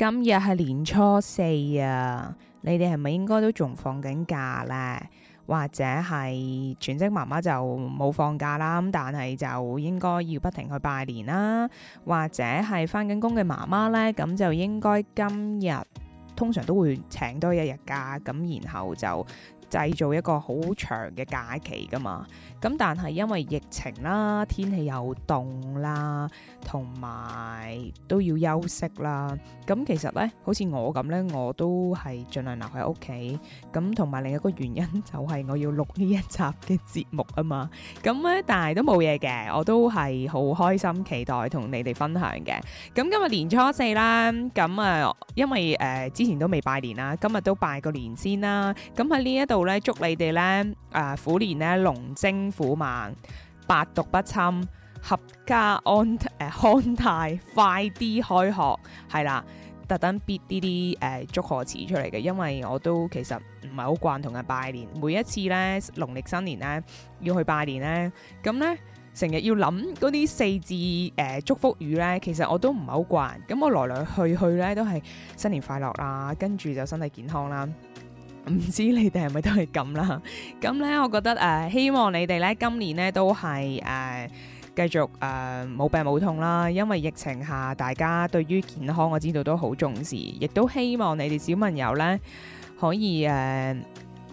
今日係年初四啊，你哋係咪應該都仲放緊假呢？或者係全職媽媽就冇放假啦，咁但係就應該要不停去拜年啦。或者係翻緊工嘅媽媽呢？咁就應該今日通常都會請多一日假，咁然後就製造一個好長嘅假期噶嘛。咁但係因為疫情啦，天氣又凍啦，同埋都要休息啦。咁其實咧，好似我咁咧，我都係盡量留喺屋企。咁同埋另一個原因就係我要錄呢一集嘅節目啊嘛。咁咧，但係都冇嘢嘅，我都係好開心，期待同你哋分享嘅。咁今日年初四啦，咁啊，因為誒之前都未拜年啦，今日都拜個年先啦。咁喺呢一度咧，祝你哋咧啊虎年咧龍精！虎猛，百毒不侵，合家安誒、呃、康泰。快啲開學係啦，特登逼啲啲誒祝賀詞出嚟嘅，因為我都其實唔係好慣同人拜年，每一次咧農曆新年咧要去拜年咧，咁咧成日要諗嗰啲四字誒、呃、祝福語咧，其實我都唔係好慣，咁我來來去去咧都係新年快樂啦，跟住就身體健康啦。唔知你哋係咪都係咁啦？咁 呢，我覺得誒、呃，希望你哋呢今年呢都係誒，繼、呃、續誒冇、呃、病冇痛啦。因為疫情下，大家對於健康我知道都好重視，亦都希望你哋小朋友呢可以誒、呃、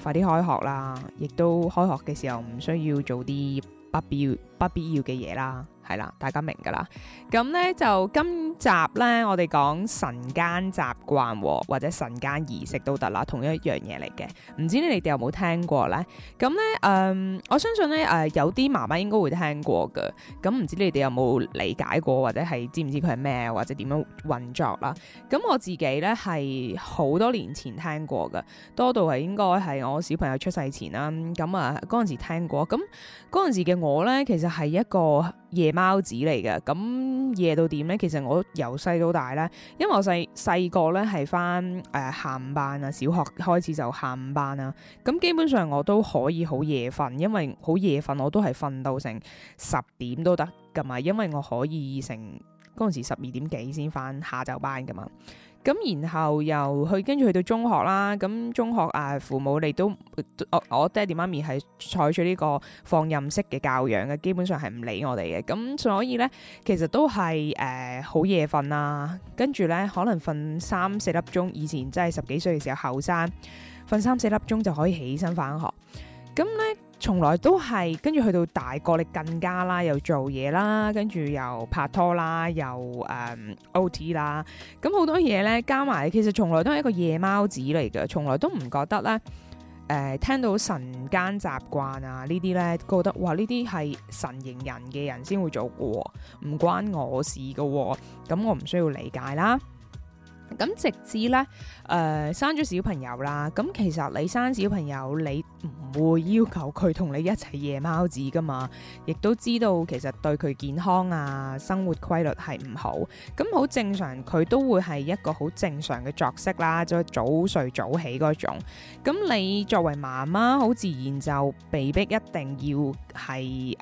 快啲開學啦。亦都開學嘅時候唔需要做啲不必要不必要嘅嘢啦。係啦，大家明噶啦。咁咧就今集咧，我哋講晨間習慣或者晨間儀式都得啦，同一樣嘢嚟嘅。唔知你哋有冇聽過咧？咁咧，嗯、呃，我相信咧，誒、呃，有啲媽媽應該會聽過嘅。咁唔知你哋有冇理解過，或者係知唔知佢係咩，或者點樣運作啦？咁我自己咧係好多年前聽過噶，多到係應該係我小朋友出世前啦。咁啊，嗰陣時聽過，咁嗰陣時嘅我咧，其實係一個。夜貓子嚟嘅，咁夜到點呢？其實我由細到大呢，因為我細細個呢係翻誒下午班啊，小學開始就下午班啊。咁基本上我都可以好夜瞓，因為好夜瞓我都係瞓到成十點都得噶嘛，因為我可以成嗰陣時十二點幾先翻下晝班噶嘛。咁然後又去跟住去到中學啦，咁中學啊，父母你都我我爹哋媽咪係採取呢個放任式嘅教養嘅，基本上係唔理我哋嘅，咁所以呢，其實都係誒好夜瞓啦，跟住呢，可能瞓三四粒鐘，以前真係十幾歲嘅時候後生，瞓三四粒鐘就可以起身返學，咁呢。從來都係跟住去到大個，你更加啦，又做嘢啦，跟住又拍拖啦，又誒、呃、OT 啦，咁好多嘢咧加埋，其實從來都係一個夜貓子嚟嘅，從來都唔覺得咧誒、呃、聽到晨間習慣啊呢啲咧覺得，哇呢啲係晨型人嘅人先會做嘅，唔關我事嘅、哦，咁我唔需要理解啦。咁直至咧，誒生咗小朋友啦，咁其實你生小朋友，你唔會要求佢同你一齊夜貓子噶嘛，亦都知道其實對佢健康啊、生活規律係唔好，咁好正常，佢都會係一個好正常嘅作息啦，即係早睡早起嗰種。咁你作為媽媽，好自然就被逼一定要係，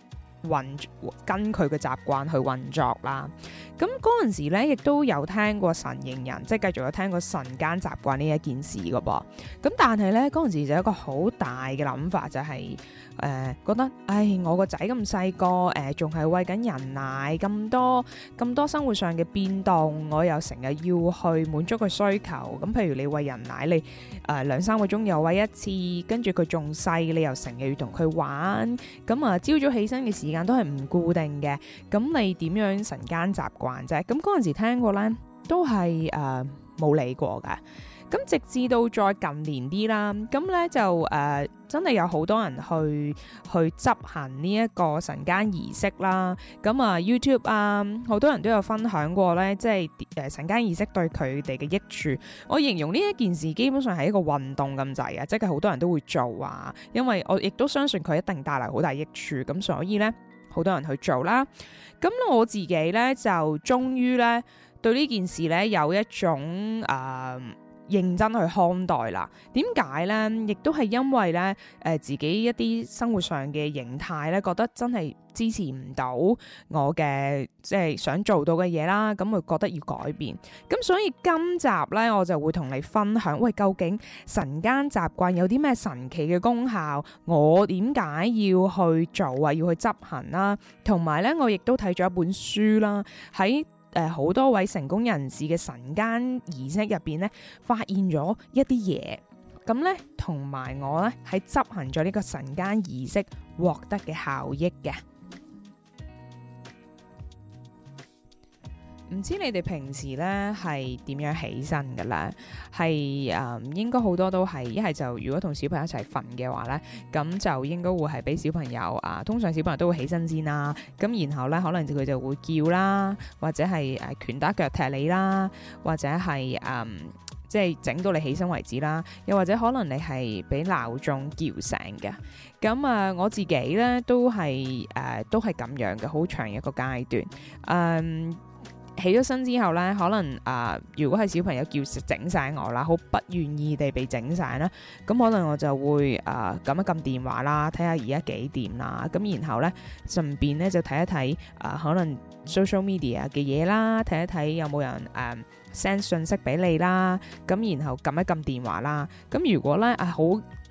運跟佢嘅習慣去運作啦。咁嗰陣時咧，亦都有聽過晨型人，即係繼續有聽過晨間習慣呢一件事噶噃。咁但係咧，嗰陣時就有一個好大嘅諗法，就係誒覺得，唉，我個仔咁細個，誒仲係餵緊人奶，咁多咁多生活上嘅變動，我又成日要去滿足佢需求。咁譬如你餵人奶，你誒兩三個鐘又餵一次，跟住佢仲細，你又成日要同佢玩。咁啊，朝早起身嘅時間都係唔固定嘅，咁你點樣晨間習慣啫？咁嗰陣時聽過呢，都係誒冇理過噶。咁直至到再近年啲啦，咁咧就誒、呃、真係有好多人去去執行呢一個晨間儀式啦。咁啊、呃、YouTube 啊，好多人都有分享過咧，即係誒、呃、晨間儀式對佢哋嘅益處。我形容呢一件事基本上係一個運動咁滯啊，即係好多人都會做啊。因為我亦都相信佢一定帶嚟好大益處，咁所以咧，好多人去做啦。咁我自己咧就終於咧對呢件事咧有一種誒。呃認真去看待啦，點解咧？亦都係因為咧，誒、呃、自己一啲生活上嘅形態咧，覺得真係支持唔到我嘅，即係想做到嘅嘢啦，咁咪覺得要改變。咁所以今集咧，我就會同你分享，喂，究竟晨間習慣有啲咩神奇嘅功效？我點解要去做啊？要去執行啦？同埋咧，我亦都睇咗一本書啦，喺。誒，好、呃、多位成功人士嘅晨間儀式入邊咧，發現咗一啲嘢，咁咧同埋我咧喺執行咗呢個晨間儀式獲得嘅效益嘅。唔知你哋平時咧係點樣起身㗎喇？係誒、嗯，應該好多都係一係就如果同小朋友一齊瞓嘅話咧，咁就應該會係俾小朋友啊。通常小朋友都會起身先啦，咁然後咧可能佢就會叫啦，或者係誒拳打腳踢你啦，或者係誒即係整到你起身為止啦。又或者可能你係俾鬧鐘叫醒嘅。咁啊、呃，我自己咧都係誒，都係咁、呃、樣嘅，好長一個階段，嗯。起咗身之後咧，可能啊、呃，如果係小朋友叫整晒我啦，好不願意地被整晒咧，咁可能我就會啊，咁、呃、撳一撳電話啦，睇下而家幾點啦，咁然後咧，順便咧就睇一睇啊、呃，可能 social media 嘅嘢啦，睇一睇有冇人誒 send、呃、信息俾你啦，咁然後撳一撳電話啦，咁如果咧啊好。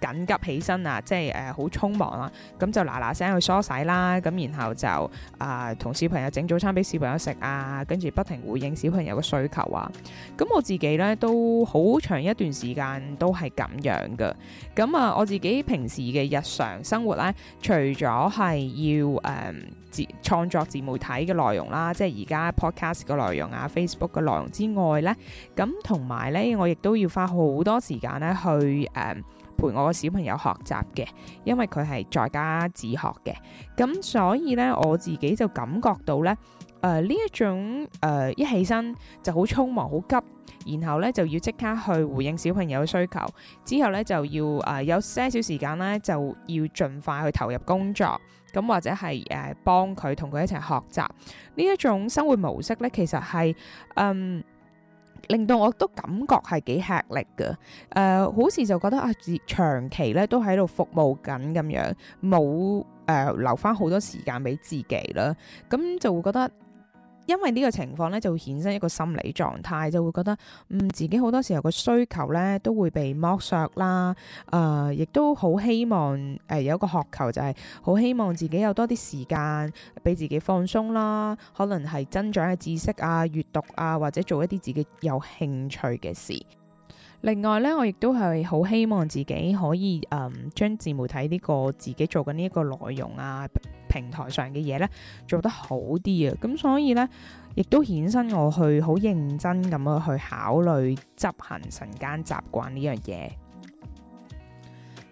緊急起身啊！即係誒好匆忙啊，咁就嗱嗱聲去梳洗啦，咁然後就啊同、呃、小朋友整早餐俾小朋友食啊，跟住不停回應小朋友嘅需求啊。咁我自己呢，都好長一段時間都係咁樣嘅。咁啊，我自己平時嘅日常生活呢，除咗係要誒、呃、自創作自媒體嘅內容啦，即係而家 podcast 嘅內容啊、Facebook 嘅內容之外呢，咁同埋呢，我亦都要花好多時間呢去誒，呃陪我個小朋友學習嘅，因為佢係在家自學嘅，咁所以呢，我自己就感覺到呢，誒呢一種誒、呃、一起身就好匆忙好急，然後呢就要即刻去回應小朋友嘅需求，之後呢，就要誒、呃、有些少時間呢，就要盡快去投入工作，咁、呃、或者係誒幫佢同佢一齊學習呢一種生活模式呢，其實係嗯。令到我都感覺係幾吃力嘅，誒，uh，好似就覺得啊，長期咧都喺度服務緊咁樣，冇，誒，呃，留返好多時間俾自己啦，咁就會覺得。因為呢個情況咧，就會衍生一個心理狀態，就會覺得嗯，自己好多時候個需求咧都會被剝削啦，誒、呃，亦都好希望誒、呃、有一個渴求，就是，就係好希望自己有多啲時間俾自己放鬆啦，可能係增長嘅知識啊、閱讀啊，或者做一啲自己有興趣嘅事。另外咧，我亦都係好希望自己可以誒、嗯、將自媒體呢、呢個自己做緊呢一個內容啊平台上嘅嘢咧，做得好啲啊，咁所以咧，亦都衍生我去好認真咁樣去考慮執行晨間習慣呢樣嘢。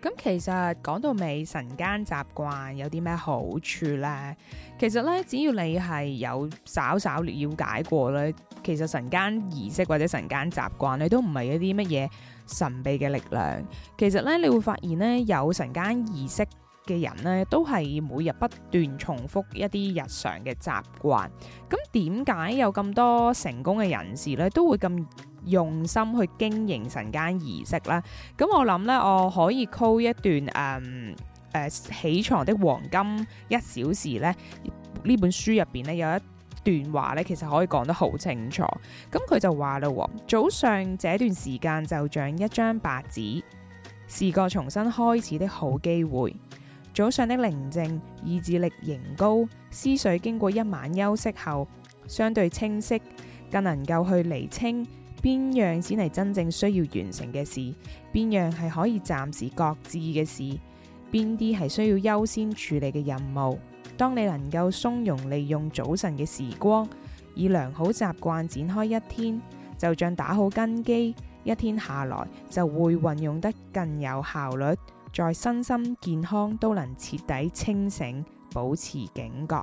咁其實講到尾，晨間習慣有啲咩好處咧？其實咧，只要你係有稍稍瞭解過咧，其實晨間儀式或者晨間習慣你都唔係一啲乜嘢神秘嘅力量。其實咧，你會發現咧，有晨間儀式嘅人呢都係每日不斷重複一啲日常嘅習慣。咁點解有咁多成功嘅人士呢都會咁用心去經營晨間儀式呢？咁我諗呢，我可以 call 一段誒、嗯啊、起床的黃金一小時呢。呢本書入邊呢有一段話呢，其實可以講得好清楚。咁佢就話啦：早上這段時間就像一張白紙，是個重新開始的好機會。早上的寧靜，意志力仍高，思緒經過一晚休息後相對清晰，更能夠去厘清邊樣先係真正需要完成嘅事，邊樣係可以暫時擱置嘅事，邊啲係需要優先處理嘅任務。當你能夠從容利用早晨嘅時光，以良好習慣展開一天，就像打好根基，一天下來就會運用得更有效率。在身心健康都能徹底清醒，保持警覺。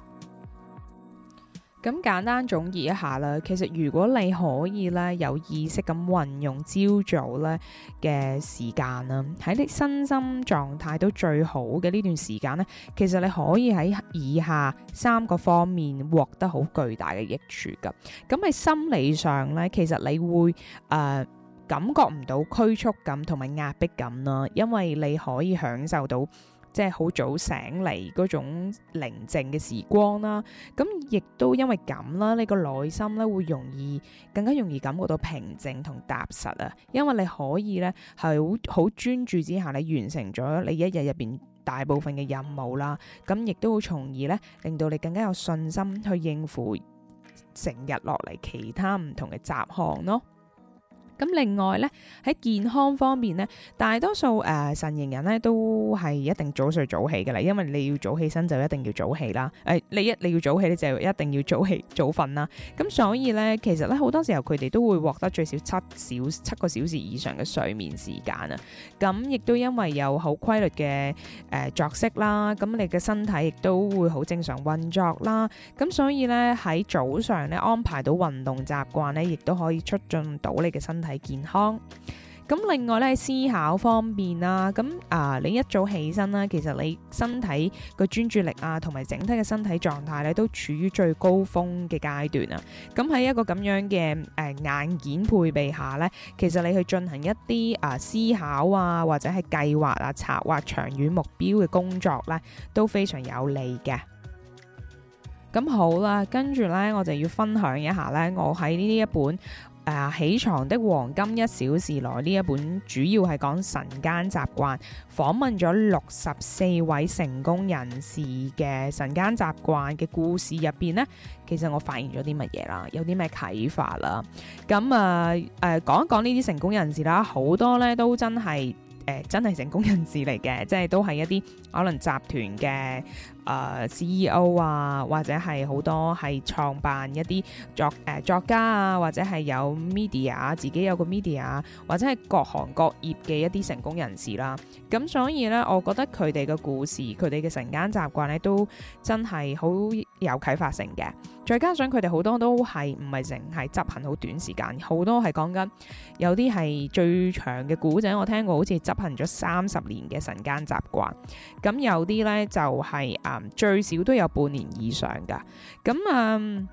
咁簡單總結一下啦，其實如果你可以咧有意識咁運用朝早咧嘅時間啦，喺你身心狀態都最好嘅呢段時間呢，其實你可以喺以下三個方面獲得好巨大嘅益處噶。咁喺心理上咧，其實你會誒。呃感覺唔到拘束感同埋壓迫感啦，因為你可以享受到即係好早醒嚟嗰種寧靜嘅時光啦。咁亦都因為咁啦，你個內心咧會容易更加容易感覺到平靜同踏實啊。因為你可以咧係好好專注之下，你完成咗你一日入邊大部分嘅任務啦。咁亦都會從而咧令到你更加有信心去應付成日落嚟其他唔同嘅雜項咯。咁另外咧，喺健康方面咧，大多數誒晨型人咧都係一定早睡早起嘅啦，因為你要早起身就一定要早起啦。誒，你一你要早起咧就一定要早起早瞓啦。咁所以咧，其實咧好多時候佢哋都會獲得最少七小七個小時以上嘅睡眠時間啊。咁亦都因為有好規律嘅誒作息啦，咁你嘅身體亦都會好正常運作啦。咁所以咧喺早上咧安排到運動習慣咧，亦都可以促進到你嘅身體。係健康，咁另外咧思考方面啦、啊，咁啊、呃、你一早起身啦、啊，其實你身體個專注力啊，同埋整體嘅身體狀態咧，都處於最高峰嘅階段啊。咁喺一個咁樣嘅誒、呃、硬件配備下咧，其實你去進行一啲啊、呃、思考啊，或者係計劃啊、策劃、啊、長遠目標嘅工作咧，都非常有利嘅。咁好啦，跟住咧我就要分享一下咧，我喺呢啲一本。啊、起床的黃金一小時，來呢一本主要係講晨間習慣，訪問咗六十四位成功人士嘅晨間習慣嘅故事，入邊呢，其實我發現咗啲乜嘢啦，有啲咩啟發啦，咁啊誒，講一講呢啲成功人士啦，好多咧都真係。誒，真係成功人士嚟嘅，即係都係一啲可能集團嘅誒、呃、CEO 啊，或者係好多係創辦一啲作誒、呃、作家啊，或者係有 media 自己有個 media，或者係各行各業嘅一啲成功人士啦。咁所以咧，我覺得佢哋嘅故事，佢哋嘅晨間習慣咧，都真係好。有啟發性嘅，再加上佢哋好多都係唔係淨係執行好短時間，好多係講緊有啲係最長嘅古仔，我聽過好似執行咗三十年嘅晨間習慣，咁有啲呢就係誒最少都有半年以上㗎，咁啊、嗯，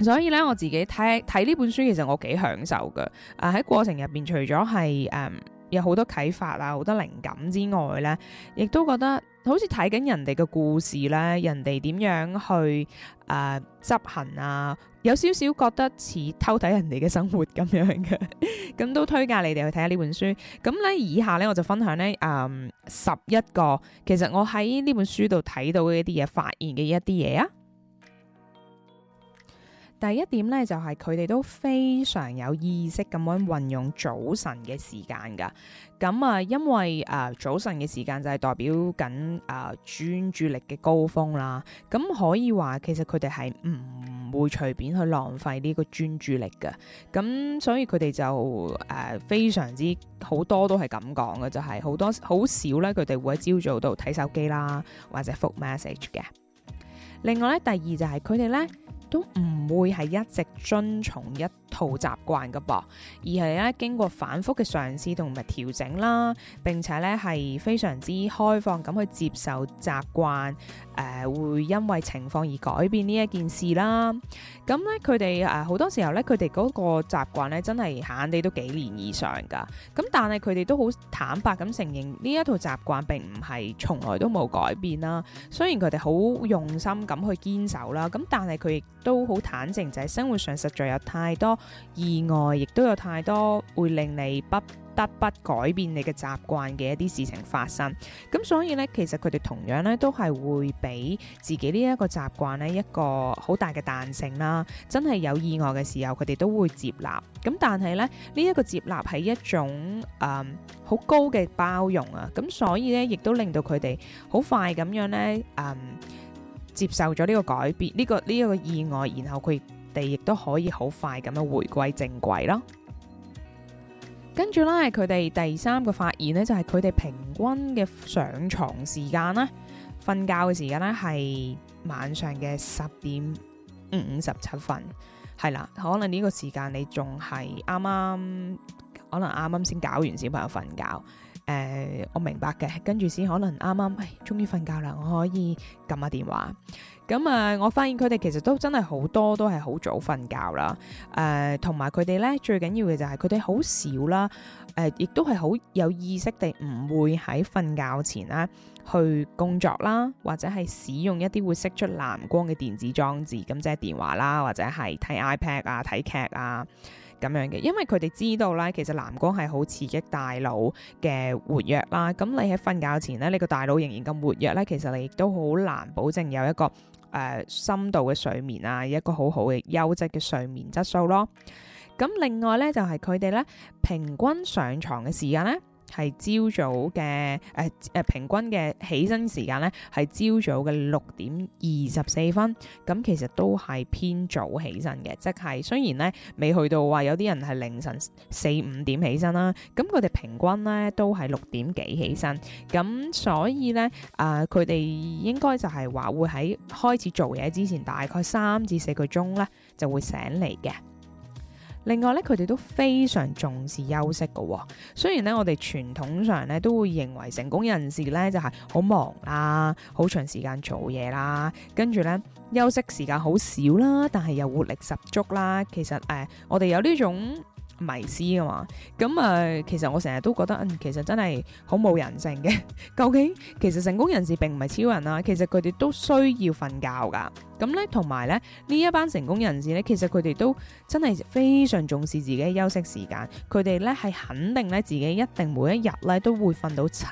所以呢，我自己睇睇呢本書，其實我幾享受㗎，啊喺過程入邊除咗係誒有好多啟發啊、好多靈感之外呢，亦都覺得。好似睇緊人哋嘅故事咧，人哋點樣去誒執行啊？有少少覺得似偷睇人哋嘅生活咁樣嘅，咁 都推介你哋去睇下呢本書。咁咧，以下咧我就分享呢嗯，十一個其實我喺呢本書度睇到嘅一啲嘢，發現嘅一啲嘢啊。第一點咧，就係佢哋都非常有意識咁樣運用早晨嘅時間噶。咁、嗯、啊，因為誒、呃、早晨嘅時間就係代表緊誒、呃、專注力嘅高峰啦。咁、嗯、可以話，其實佢哋係唔會隨便去浪費呢個專注力嘅。咁、嗯、所以佢哋就誒、呃、非常之好多都係咁講嘅，就係、是、好多好少咧，佢哋會喺朝早度睇手機啦，或者覆 message 嘅。另外咧，第二就係佢哋咧。都唔會係一直遵從一套習慣噶噃，而係咧經過反覆嘅嘗試同埋調整啦。並且咧係非常之開放咁去接受習慣，誒、呃、會因為情況而改變呢一件事啦。咁咧佢哋誒好多時候咧，佢哋嗰個習慣咧真係閒閒哋都幾年以上噶。咁但係佢哋都好坦白咁承認呢一套習慣並唔係從來都冇改變啦。雖然佢哋好用心咁去堅守啦，咁但係佢亦。都好坦誠，就係、是、生活上實在有太多意外，亦都有太多會令你不得不改變你嘅習慣嘅一啲事情發生。咁所以呢，其實佢哋同樣呢都係會俾自己呢一個習慣呢一個好大嘅彈性啦。真係有意外嘅時候，佢哋都會接納。咁但係呢，呢、這、一個接納係一種誒好、嗯、高嘅包容啊。咁所以呢，亦都令到佢哋好快咁樣呢。誒、嗯。接受咗呢個改變，呢個呢一個意外，然後佢哋亦都可以好快咁樣回歸正軌咯。跟住咧，佢哋第三個發現呢，就係佢哋平均嘅上床時間咧，瞓覺嘅時間呢，係晚上嘅十點五十七分，係啦，可能呢個時間你仲係啱啱，可能啱啱先搞完小朋友瞓覺。誒、呃，我明白嘅，跟住先可能啱啱，誒，終於瞓覺啦，我可以撳下電話。咁、嗯、啊、呃，我發現佢哋其實都真係好多都係好早瞓覺啦。誒、呃，同埋佢哋咧最緊要嘅就係佢哋好少啦。誒、呃，亦都係好有意識地唔會喺瞓覺前咧去工作啦，或者係使用一啲會釋出藍光嘅電子裝置，咁即係電話啦，或者係睇 iPad 啊，睇劇啊。咁樣嘅，因為佢哋知道咧，其實藍光係好刺激大腦嘅活躍啦。咁你喺瞓覺前咧，你個大腦仍然咁活躍咧，其實你亦都好難保證有一個誒、呃、深度嘅睡眠啊，一個好好嘅優質嘅睡眠質素咯。咁另外咧，就係佢哋咧平均上床嘅時間咧，係朝早嘅誒誒平均嘅起身時間咧，係朝早嘅六點二十四分，咁其實都係偏早起身嘅，即係雖然咧未去到話有啲人係凌晨四五點起身啦、啊，咁佢哋平均咧都係六點幾起身，咁所以咧啊，佢哋應該就係話會喺開始做嘢之前大概三至四個鐘咧就會醒嚟嘅。另外咧，佢哋都非常重視休息嘅、哦。雖然咧，我哋傳統上咧都會認為成功人士咧就係、是、好忙啦、啊，好長時間做嘢啦，跟住咧休息時間好少啦，但係又活力十足啦。其實誒、呃，我哋有呢種迷思啊嘛，咁、嗯、啊，其實我成日都覺得，嗯，其實真係好冇人性嘅。 究竟其實成功人士並唔係超人啊，其實佢哋都需要瞓覺噶。咁、嗯、咧，同埋咧，呢一班成功人士咧，其實佢哋都真係非常重視自己休息時間。佢哋咧係肯定咧自己一定每一日咧都會瞓到七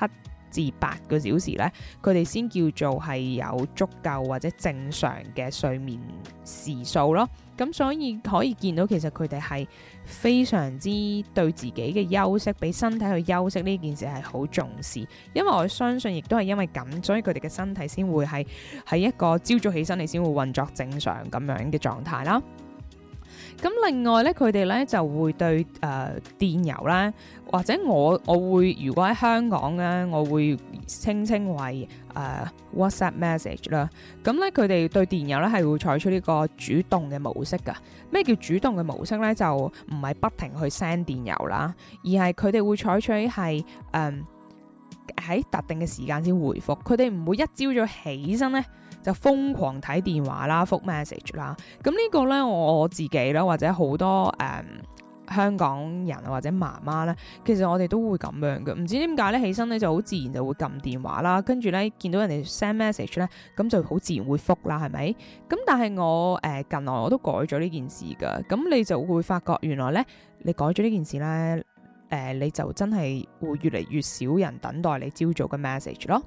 至八個小時咧，佢哋先叫做係有足夠或者正常嘅睡眠時數咯。咁所以可以見到，其實佢哋係非常之對自己嘅休息，俾身體去休息呢件事係好重視。因為我相信，亦都係因為咁，所以佢哋嘅身體先會係喺一個朝早起身，你先會運作正常咁樣嘅狀態啦。咁另外咧，佢哋咧就會對誒、呃、電郵啦，或者我我會如果喺香港咧，我會稱稱為誒、呃、WhatsApp message 啦。咁咧，佢哋對電郵咧係會採取呢個主動嘅模式㗎。咩叫主動嘅模式咧？就唔係不停去 send 電郵啦，而係佢哋會採取係誒喺特定嘅時間先回覆。佢哋唔會一朝早起身咧。就瘋狂睇電話啦，覆 message 啦，咁呢個呢，我自己啦，或者好多誒、嗯、香港人或者媽媽呢，其實我哋都會咁樣嘅。唔知點解呢，起身呢就好自然就會撳電話啦，跟住呢，見到人哋 send message 呢，咁就好自然會覆啦，係咪？咁但係我誒、呃、近來我都改咗呢件事噶，咁你就會發覺原來呢，你改咗呢件事呢。誒、呃、你就真係會越嚟越少人等待你朝早嘅 message 咯。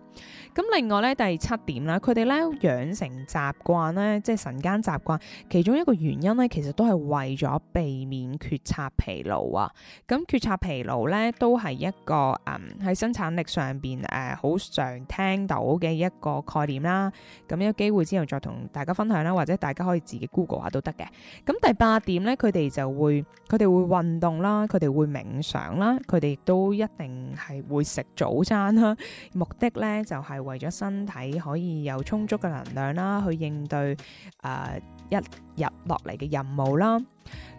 咁另外咧，第七點啦，佢哋咧，養成習慣咧，即係晨間習慣。其中一個原因咧，其實都係為咗避免決策疲勞啊。咁、嗯、決策疲勞咧都係一個嗯喺生產力上邊誒好常聽到嘅一個概念啦。咁、嗯、有機會之後再同大家分享啦，或者大家可以自己 Google 下都得嘅。咁、嗯、第八點咧，佢哋就會佢哋會運動啦，佢哋會冥想啦，佢哋都一定係會食早餐啦，目的咧就係為咗身體可以有充足嘅能量啦，去應對誒一日落嚟嘅任務啦。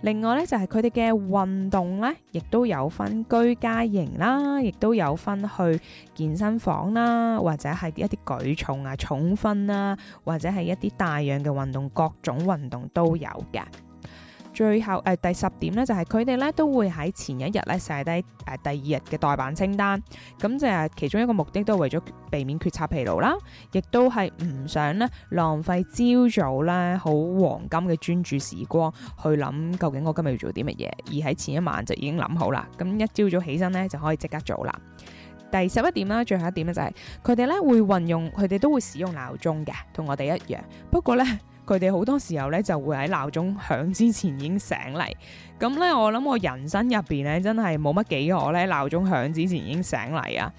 另外咧就係佢哋嘅運動咧，亦都有分居家型啦，亦都有分去健身房啦，或者係一啲舉重啊、重訓啦，或者係一啲帶氧嘅運動，各種運動都有嘅。最後誒、呃、第十點咧，就係佢哋咧都會喺前一日咧寫低誒第二日嘅代辦清單，咁就係其中一個目的都係為咗避免決策疲勞啦，亦都係唔想咧浪費朝早咧好黃金嘅專注時光去諗究竟我今日要做啲乜嘢，而喺前一晚就已經諗好啦，咁一朝早起身咧就可以即刻做啦。第十一點啦，最後一點咧就係佢哋咧會運用佢哋都會使用鬧鐘嘅，同我哋一樣，不過咧，佢哋好多時候咧就會喺鬧鐘響之前已經醒嚟，咁咧我諗我人生入邊咧真係冇乜幾何我咧鬧鐘響之前已經醒嚟啊！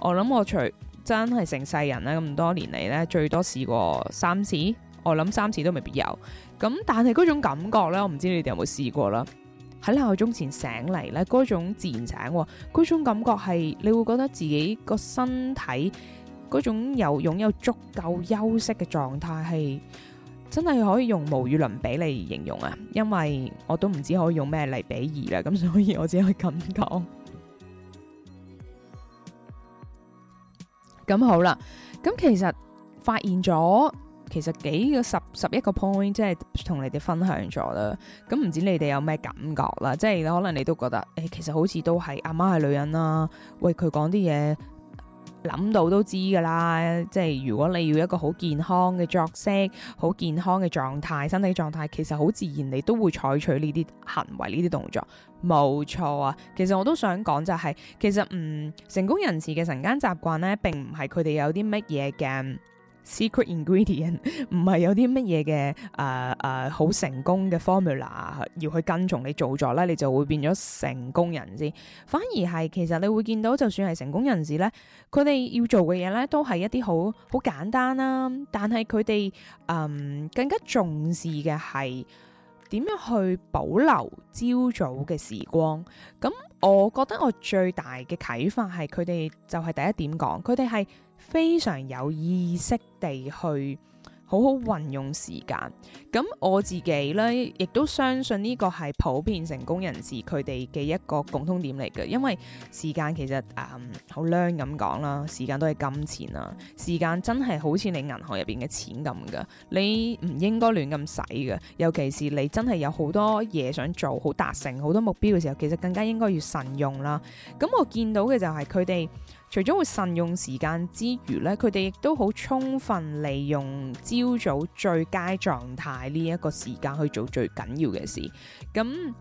我諗我除真係成世人咧咁多年嚟咧最多試過三次，我諗三次都未必有。咁但係嗰種感覺咧，我唔知你哋有冇試過啦。喺鬧鐘前醒嚟咧，嗰種自然醒，嗰種感覺係你會覺得自己個身體嗰種有擁有足夠休息嘅狀態係。真係可以用無與倫比嚟形容啊！因為我都唔知可以用咩嚟比喻啦，咁所以我只可以咁講。咁 好啦，咁其實發現咗，其實幾個十十一個 point，即係同你哋分享咗啦。咁唔知你哋有咩感覺啦？即係可能你都覺得，誒、欸，其實好似都係阿媽係女人啦、啊。喂，佢講啲嘢。諗到都知㗎啦，即係如果你要一個好健康嘅作息、好健康嘅狀態、身體狀態，其實好自然，你都會採取呢啲行為、呢啲動作，冇錯啊。其實我都想講就係、是，其實嗯，成功人士嘅晨間習慣咧，並唔係佢哋有啲乜嘢嘅。Secret ingredient 唔係有啲乜嘢嘅誒誒好成功嘅 formula 要去跟從，你做咗咧，你就會變咗成功人士。反而係其實你會見到，就算係成功人士咧，佢哋要做嘅嘢咧都係一啲好好簡單啦。但係佢哋嗯更加重視嘅係。點樣去保留朝早嘅時光？咁我覺得我最大嘅啟發係佢哋就係、是、第一點講，佢哋係非常有意識地去。好好運用時間，咁我自己咧亦都相信呢個係普遍成功人士佢哋嘅一個共通點嚟嘅，因為時間其實誒好靚咁講啦，時間都係金錢啊，時間真係好似你銀行入邊嘅錢咁噶，你唔應該亂咁使嘅，尤其是你真係有好多嘢想做好達成好多目標嘅時候，其實更加應該要慎用啦。咁我見到嘅就係佢哋。除咗會慎用時間之餘咧，佢哋亦都好充分利用朝早最佳狀態呢一個時間去做最緊要嘅事。咁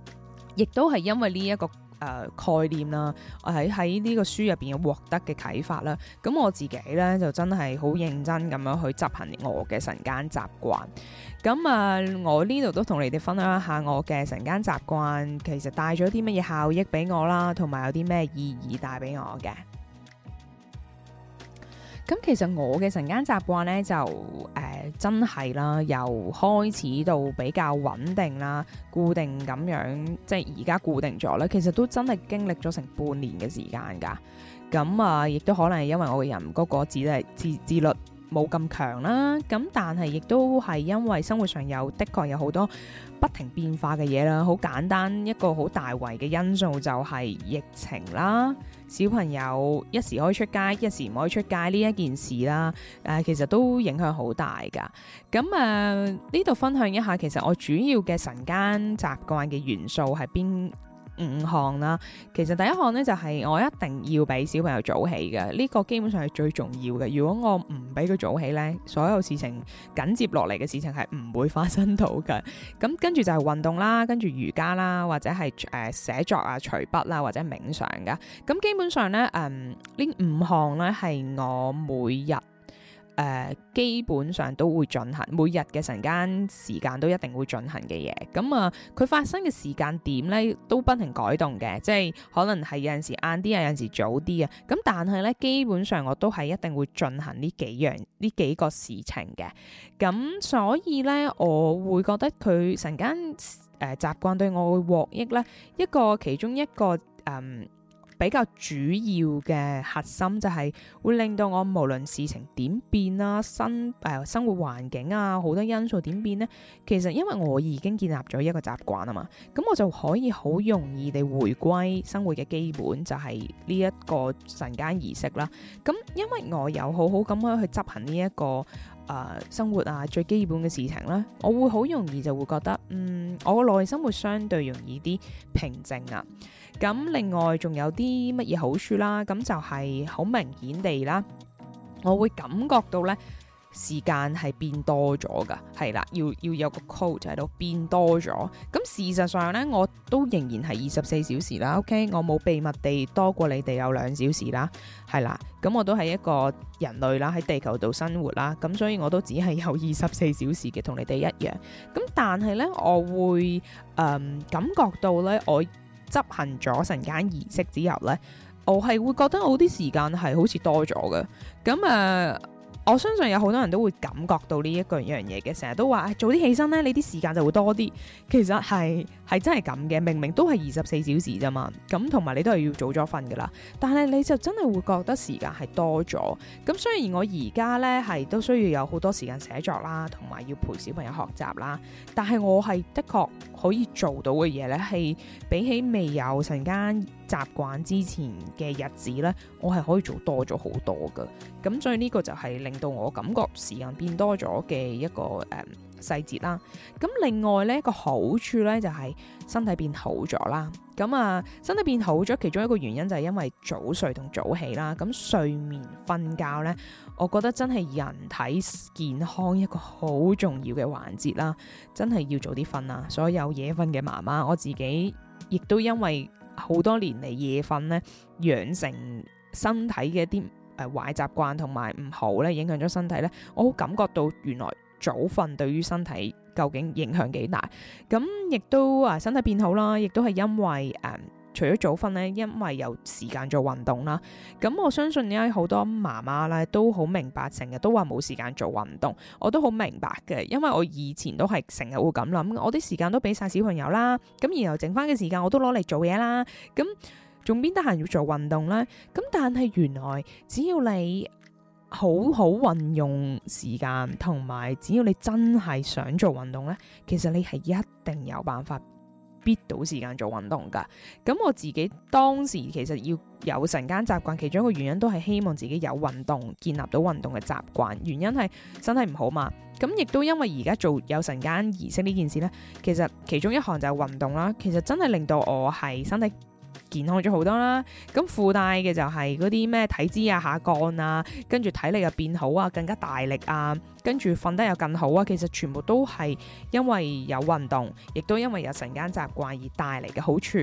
亦都係因為呢、這、一個誒、呃、概念啦，我喺喺呢個書入邊有獲得嘅啟發啦。咁我自己咧就真係好認真咁樣去執行我嘅晨間習慣。咁啊、呃，我呢度都同你哋分享一下我嘅晨間習慣，其實帶咗啲乜嘢效益俾我啦，同埋有啲咩意義帶俾我嘅。咁其實我嘅晨間習慣呢，就誒、呃、真係啦，由開始到比較穩定啦，固定咁樣，即係而家固定咗啦。其實都真係經歷咗成半年嘅時間㗎。咁啊、呃，亦都可能係因為我嘅人嘅個人嗰個自制自自律冇咁強啦。咁但係亦都係因為生活上有的確有好多，不停變化嘅嘢啦，好簡單一個好大圍嘅因素就係疫情啦，小朋友一時可以出街，一時唔可以出街呢一件事啦，誒、呃、其實都影響好大噶。咁誒呢度分享一下，其實我主要嘅晨間習慣嘅元素係邊？五項啦，其實第一項呢，就係、是、我一定要俾小朋友早起嘅，呢、這個基本上係最重要嘅。如果我唔俾佢早起呢，所有事情緊接落嚟嘅事情係唔會發生到嘅。咁 跟住就係運動啦，跟住瑜伽啦，或者係誒、呃、寫作啊、隨筆啦，或者冥想嘅。咁基本上呢，誒、嗯、呢五項呢，係我每日。誒、呃、基本上都會進行，每日嘅晨間時間都一定會進行嘅嘢。咁、嗯、啊，佢、呃、發生嘅時間點咧都不停改動嘅，即係可能係有陣時晏啲，啊，有陣時早啲啊。咁、嗯、但係咧，基本上我都係一定會進行呢幾樣呢幾個事情嘅。咁、嗯、所以咧，我會覺得佢晨間誒習慣對我會獲益咧，一個其中一個誒。嗯比較主要嘅核心就係會令到我無論事情點變啦、生誒、呃、生活環境啊好多因素點變呢。其實因為我已經建立咗一個習慣啊嘛，咁我就可以好容易地回歸生活嘅基本，就係呢一個晨間儀式啦。咁因為我有好好咁樣去執行呢、這、一個誒、呃、生活啊最基本嘅事情啦，我會好容易就會覺得嗯，我嘅內心會相對容易啲平靜啊。咁另外仲有啲乜嘢好處啦？咁就係好明顯地啦，我會感覺到咧時間係變多咗噶，係啦，要要有個 code 就喺度變多咗。咁事實上咧，我都仍然係二十四小時啦。OK，我冇秘密地多過你哋有兩小時啦，係啦。咁我都係一個人類啦，喺地球度生活啦，咁所以我都只係有二十四小時嘅，同你哋一樣。咁但係咧，我會誒感覺到咧，我。執行咗晨間儀式之後呢，我係會覺得我啲時間係好似多咗嘅，咁誒。Uh 我相信有好多人都會感覺到呢一個樣嘢嘅，成日都話、哎、早啲起身呢，你啲時間就會多啲。其實係係真係咁嘅，明明都係二十四小時啫嘛。咁同埋你都係要早咗瞓噶啦，但係你就真係會覺得時間係多咗。咁雖然我而家呢係都需要有好多時間寫作啦，同埋要陪小朋友學習啦，但係我係的確可以做到嘅嘢呢，係比起未有晨間習慣之前嘅日子呢，我係可以做多咗好多㗎。咁所以呢個就係令到我感覺時間變多咗嘅一個誒、嗯、細節啦。咁另外呢個好處呢，就係、係、身體變好咗啦。咁啊，身體變好咗，其中一個原因就係因為早睡同早起啦。咁睡眠瞓覺呢，我覺得真係人體健康一個好重要嘅環節啦。真係要早啲瞓喇！所有夜瞓嘅媽媽，我自己亦都因為。好多年嚟夜瞓咧，養成身體嘅一啲誒壞習慣，同埋唔好咧，影響咗身體咧。我好感覺到原來早瞓對於身體究竟影響幾大，咁亦都啊身體變好啦，亦都係因為誒。呃除咗早瞓咧，因為有時間做運動啦。咁我相信而家好多媽媽咧都好明白，成日都話冇時間做運動。我都好明白嘅，因為我以前都係成日會咁諗，我啲時間都俾晒小朋友啦。咁然後剩翻嘅時間我都攞嚟做嘢啦。咁仲邊得閒要做運動咧？咁但係原來只要你好好運用時間，同埋只要你真係想做運動咧，其實你係一定有辦法。必到時間做運動噶，咁我自己當時其實要有晨間習慣，其中一個原因都係希望自己有運動，建立到運動嘅習慣。原因係身體唔好嘛，咁亦都因為而家做有晨間儀式呢件事咧,其實其中一項就係運動啦。其實真係令到我係身體。健康咗好多啦，咁附帶嘅，就係嗰啲咩體脂啊下降啊，跟住體力又變好啊，更加大力啊，跟住瞓得又更好啊，其實全部都係因為有運動，亦都因為有晨間習慣而帶嚟嘅好處。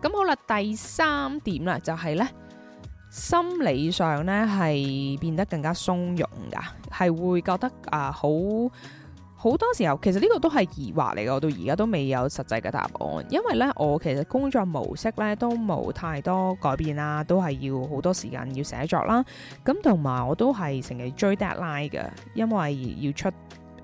咁好啦，第三點啦，就係、是、咧心理上咧係變得更加鬆融噶，係會覺得啊、呃、好。好多時候，其實呢個都係疑惑嚟嘅，我到而家都未有實際嘅答案，因為咧，我其實工作模式咧都冇太多改變啦，都係要好多時間要寫作啦，咁同埋我都係成日追 deadline 嘅，因為要出。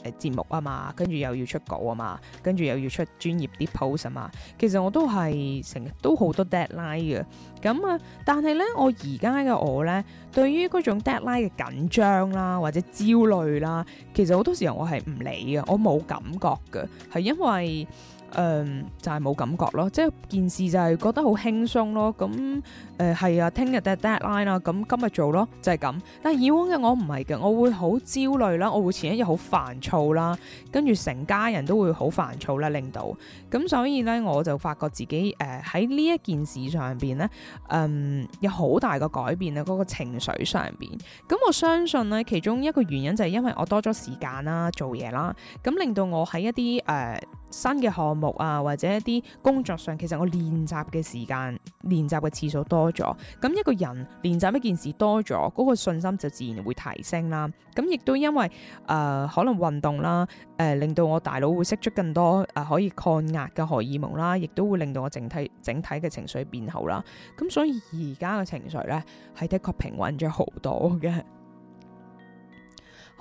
誒，節目啊嘛，跟住又要出稿啊嘛，跟住又要出專業啲 post 啊嘛，其實我都係成日都好多 deadline 嘅，咁啊，但係咧，我而家嘅我咧，對於嗰種 deadline 嘅緊張啦，或者焦慮啦，其實好多時候我係唔理嘅，我冇感覺嘅，係因為。嗯，就係、是、冇感覺咯，即係件事就係覺得好輕鬆咯。咁誒係啊，聽日 deadline 啦、嗯，咁今日做咯就係、是、咁。但係以往嘅我唔係嘅，我會好焦慮啦，我會前一日好煩躁啦，跟住成家人都會好煩躁啦，令到。咁所以咧，我就發覺自己誒喺呢一件事上邊咧，嗯、呃、有好大個改變啦。嗰、那個情緒上邊。咁我相信咧，其中一個原因就係因為我多咗時間啦，做嘢啦，咁令到我喺一啲誒。呃新嘅項目啊，或者一啲工作上，其實我練習嘅時間、練習嘅次數多咗，咁一個人練習一件事多咗，嗰、那個信心就自然會提升啦。咁亦都因為誒、呃、可能運動啦，誒、呃、令到我大腦會釋出更多誒、呃、可以抗壓嘅荷爾蒙啦，亦都會令到我整體整體嘅情緒變好啦。咁所以而家嘅情緒咧係的確平穩咗好多嘅。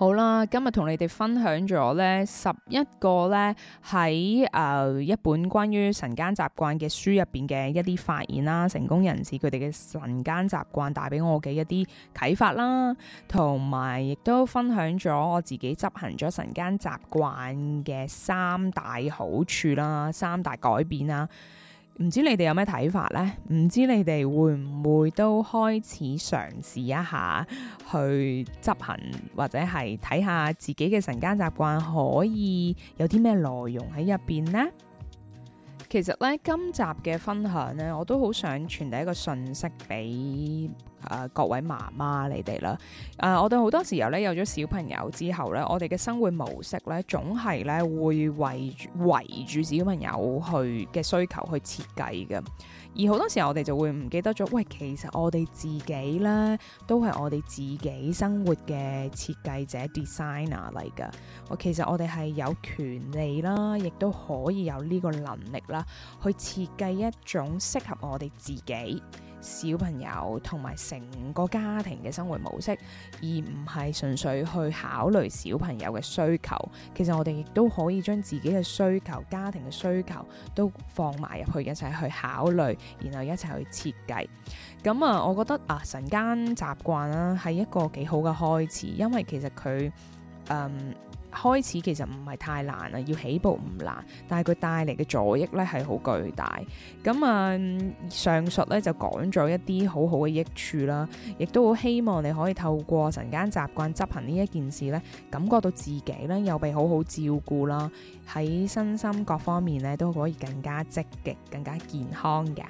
好啦，今日同你哋分享咗呢十一個呢，喺、呃、誒一本關於晨間習慣嘅書入邊嘅一啲發現啦，成功人士佢哋嘅晨間習慣帶俾我嘅一啲啟發啦，同埋亦都分享咗我自己執行咗晨間習慣嘅三大好處啦，三大改變啦。唔知你哋有咩睇法呢？唔知你哋會唔會都開始嘗試一下去執行，或者係睇下自己嘅晨間習慣可以有啲咩內容喺入邊呢？其實咧，今集嘅分享咧，我都好想傳遞一個訊息俾啊、呃、各位媽媽你哋啦。啊、呃，我哋好多時候咧，有咗小朋友之後咧，我哋嘅生活模式咧，總係咧會圍住圍住小朋友去嘅需求去設計嘅。而好多時候我哋就會唔記得咗，喂，其實我哋自己咧都係我哋自己生活嘅設計者 designer 嚟㗎。我其實我哋係有權利啦，亦都可以有呢個能力啦，去設計一種適合我哋自己小朋友同埋成個家庭嘅生活模式，而唔係純粹去考慮小朋友嘅需求。其實我哋亦都可以將自己嘅需求、家庭嘅需求都放埋入去一齊去考慮，然後一齊去設計。咁啊，我覺得啊晨間習慣啦係一個幾好嘅開始，因為其實佢嗯。開始其實唔係太難啊，要起步唔難，但係佢帶嚟嘅助益咧係好巨大。咁啊，上述咧就講咗一啲好好嘅益處啦，亦都好希望你可以透過晨間習慣執行呢一件事咧，感覺到自己咧又被好好照顧啦，喺身心各方面咧都可以更加積極、更加健康嘅。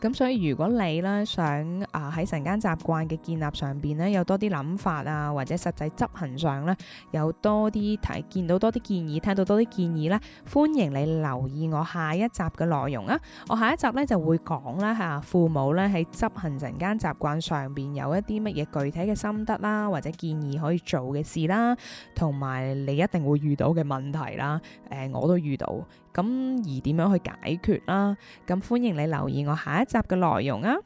咁所以如果你咧想啊喺晨間習慣嘅建立上邊咧有多啲諗法啊，或者實際執行上咧有多啲睇見到多啲建議，聽到多啲建議咧，歡迎你留意我下一集嘅內容啊！我下一集咧就會講啦嚇，父母咧喺執行晨間習慣上邊有一啲乜嘢具體嘅心得啦、啊，或者建議可以做嘅事啦、啊，同埋你一定會遇到嘅問題啦、啊，誒、呃、我都遇到。咁而點樣去解決啦？咁歡迎你留意我下一集嘅內容啊！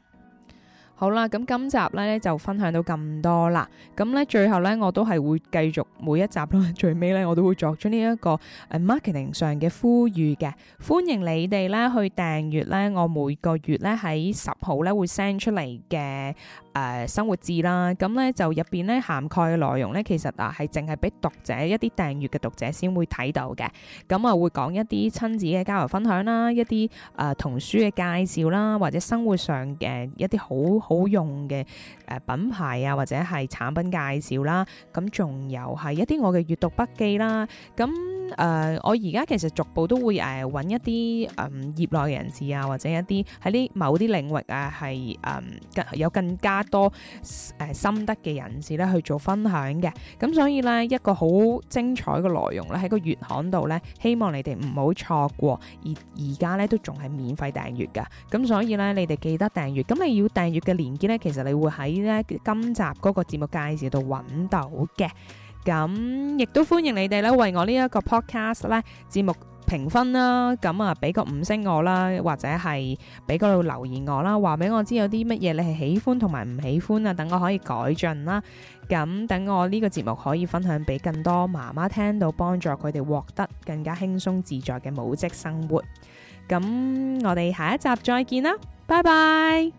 好啦，咁今集呢就分享到咁多啦。咁呢最後呢我都係會繼續每一集啦，最尾呢我都會作出呢一個誒 marketing 上嘅呼籲嘅，歡迎你哋呢去訂閱呢，我每個月呢喺十號呢會 send 出嚟嘅。誒、呃、生活誌啦，咁咧就入邊咧涵蓋嘅內容咧，其實啊係淨係俾讀者一啲訂閱嘅讀者先會睇到嘅。咁我會講一啲親子嘅交流分享啦，一啲誒童書嘅介紹啦，或者生活上嘅一啲好好用嘅誒品牌啊，或者係產品介紹啦。咁仲有係一啲我嘅閱讀筆記啦。咁誒、呃、我而家其實逐步都會誒揾、呃、一啲誒、嗯、業內人士啊，或者一啲喺呢某啲領域啊係誒、嗯、有更加多誒、呃、心得嘅人士咧去做分享嘅。咁所以呢，一個好精彩嘅內容咧喺個月刊度呢，希望你哋唔好錯過，而而家呢，都仲係免費訂閱㗎，咁所以呢，你哋記得訂閱，咁你要訂閱嘅連結呢，其實你會喺呢今集嗰個節目介紹度揾到嘅，咁亦都歡迎你哋呢，為我呢一個 podcast 呢節目。評分啦，咁啊俾個五星我啦，或者係俾個留言我啦，話俾我知有啲乜嘢你係喜歡同埋唔喜歡啊，等我可以改進啦。咁等我呢個節目可以分享俾更多媽媽聽到，幫助佢哋獲得更加輕鬆自在嘅母職生活。咁我哋下一集再見啦，拜拜。